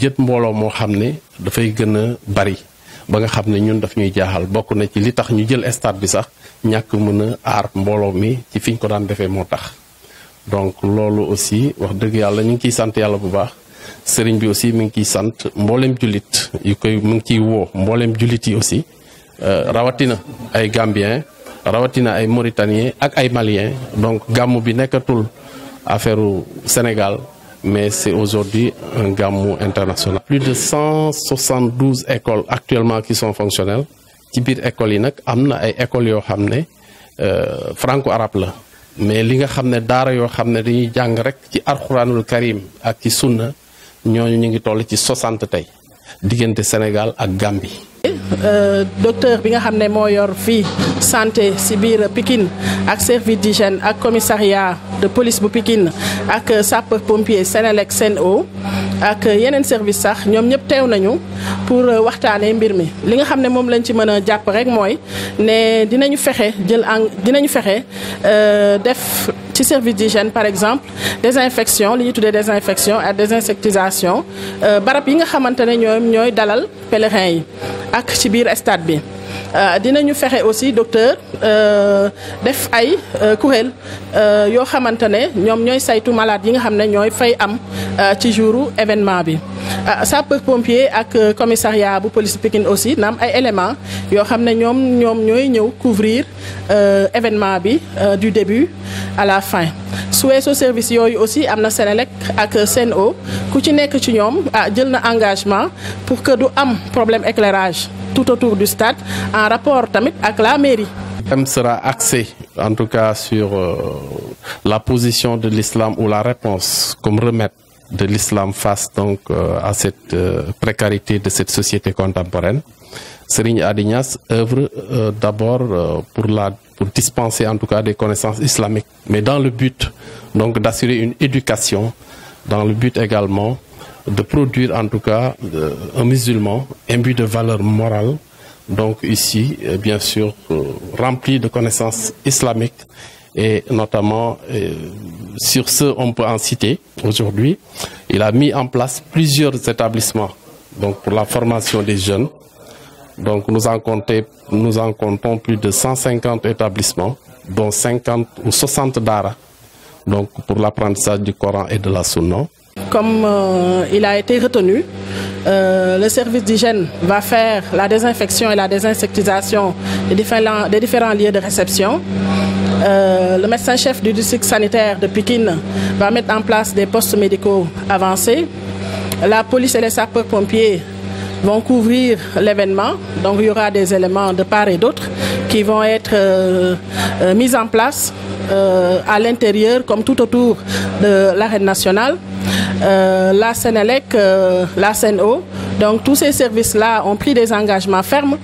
jët mbolo mo xam da fay gëna bari ba nga xam ñun daf ñuy jaaxal bokku na ci li tax ñu jël stade bi sax ñak mëna ar mbolo mi ci fiñ ko daan défé mo tax donc loolu aussi wax dëgg yalla ñu ngi ciy sante yalla bu baax sëriñ bi aussi mi ngi ciy sante mbooleem julit yu koy mu ngi ciy wo mbooleem julit yi aussi euh, rawatina ay gambien rawatina ay mauritanien ak ay malien donc gamu bi nekatul affaireu Sénégal mais c'est aujourd'hui un gamou international. Plus de 172 écoles actuellement qui sont fonctionnelles ci biir écoles amna nag ay écoles yo xamné euh franco-arabe la mais li nga xamné dara yo xamné dañuy jang rek ci karim ak ci sunna ñooñu ñu ngi toll ci 60 tay. Sénégal ak Gambie. Euh, docteur bi nga xam ne yor santé Sibir, biir Pikine ak service d'hygiène ak commissariat de police bu Pikine ak sapeur pompier Senelec Sénéo ak yeneen service sax ñoom ñëpp teew nañu pour euh, waxtaanee mbir mi li nga xam ne moom lañ ci mën a jàpp rek mooy ne dinañu fexe jël en dinañu fexe euh, def ci service d'hygiène par exemple désinfection li ñuy tuddee désinfection ak désinsectisation euh, barab yi nga xamante ne ñoom ñooy dalal pèlerins yi ak ci biir stade bi euh, dinañu fexé aussi docteur euh, def ay euh, kuréel euh yo ne ñom ñoy saytu malade yi nga xamné ñoy fay am ci jouru événement bi. sapeur pompier ak commissariat bu police Pikine aussi nam ay éléments yo xamné ñom ñom ñoy ñew couvrir événement bi du début à la fin Souhait ce service yoy aussi Amna Sénélec Senelec ak Sen'Eau ku ci que ci ñom aimes ah, jël engagement pour que du am problème éclairage tout autour du stade en rapport tamit ak la mairie. M sera axé en tout cas sur euh, la position de l'islam ou la réponse comme remède de l'islam face donc euh, à cette euh, précarité de cette société contemporaine. Serigne Adignas œuvre d'abord pour la pour dispenser en tout cas des connaissances islamiques, mais dans le but donc d'assurer une éducation, dans le but également de produire en tout cas euh, un musulman imbu de valeurs morales, donc ici euh, bien sûr euh, rempli de connaissances islamiques et notamment sur ce on peut en citer aujourd'hui, il a mis en place plusieurs établissements donc pour la formation des jeunes donc nous en, comptons, plus de 150 établissements, dont 50 ou 60 d'ara, donc pour l'apprentissage du Coran et de la Sunna. Comme euh, il a été retenu, euh, le service d'hygiène va faire la désinfection et la désinsectisation des différents, lieux de réception. Euh, le médecin-chef du district sanitaire de Pékin va mettre en place des postes médicaux avancés. La police et les sapeurs-pompiers vont couvrir l'événement. Donc il y aura des éléments de part et d'autre qui vont être euh, euh, mis en place euh, à l'intérieur comme tout autour de l'arène nationale. la Sénélec, la CNO, donc tous ces services-là ont pris des engagements fermes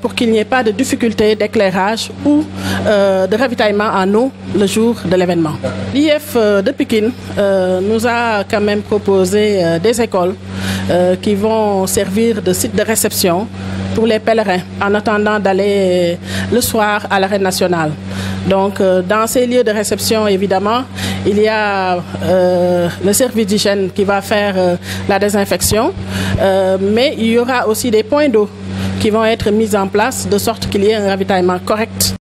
pour qu'il n'y ait pas de difficultés d'éclairage ou de ravitaillement en eau le jour de l'événement. L'IF de Pékin nous a quand même proposé des écoles euh, qui vont servir de site de réception pour les pèlerins en attendant d'aller euh, le soir à l'arène nationale. Donc, euh, dans ces lieux de réception, évidemment, il y a euh, le service d'hygiène qui va faire la désinfection, mais il y aura aussi des points d'eau qui vont être mis en place de sorte qu'il y ait un ravitaillement correct.